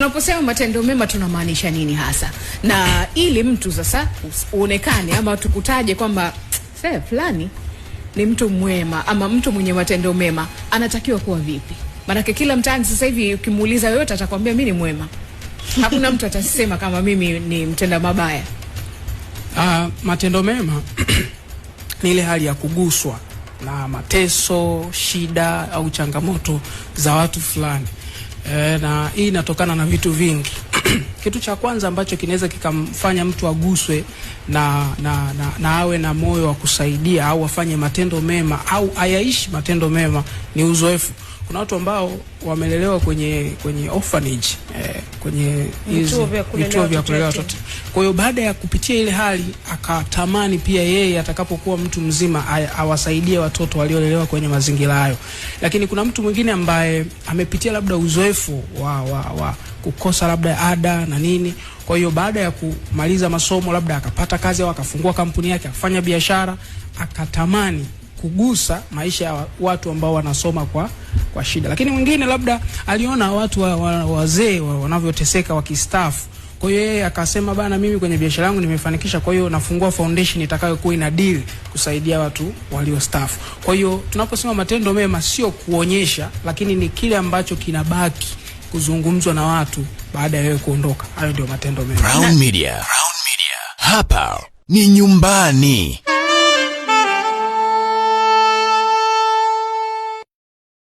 Tunaposema matendo mema tunamaanisha nini hasa? Na ili mtu sasa uonekane ama tukutaje kwamba sasa eh, fulani ni mtu mwema ama mtu mwenye matendo mema, anatakiwa kuwa vipi? Maanake kila mtaani sasa hivi ukimuuliza yoyote atakwambia mi ni mwema, hakuna mtu atasema kama mimi ni mtenda mabaya. Uh, matendo mema ni ile hali ya kuguswa na mateso, shida au changamoto za watu fulani e, na hii inatokana na vitu vingi kitu cha kwanza ambacho kinaweza kikamfanya mtu aguswe na, na, na, na awe na moyo wa kusaidia au afanye matendo mema au ayaishi matendo mema ni uzoefu. Kuna watu ambao wamelelewa kwenye kwenye orphanage eh, kwenye vituo vya kulelea watoto kwa hiyo baada ya kupitia ile hali akatamani pia yeye atakapokuwa mtu mzima awasaidie watoto waliolelewa kwenye mazingira hayo. Lakini kuna mtu mwingine ambaye amepitia labda uzoefu wa, wa, wa kukosa labda ada na nini. Kwa hiyo baada ya kumaliza masomo labda akapata kazi au akafungua kampuni yake akafanya biashara, akatamani kugusa maisha ya watu ambao wanasoma kwa kwa shida. Lakini mwingine labda aliona watu wa, wa, wazee wa, wanavyoteseka wakistaafu kwa hiyo yeye akasema bana, mimi kwenye biashara yangu nimefanikisha, kwa hiyo nafungua foundation itakayokuwa ina deal kusaidia watu staff. Kwa hiyo tunaposema matendo mema sio kuonyesha, lakini ni kile ambacho kinabaki kuzungumzwa na watu baada ya wewe kuondoka. Hayo ndio matendo mema. Crown Media. Crown Media. Hapa ni nyumbani.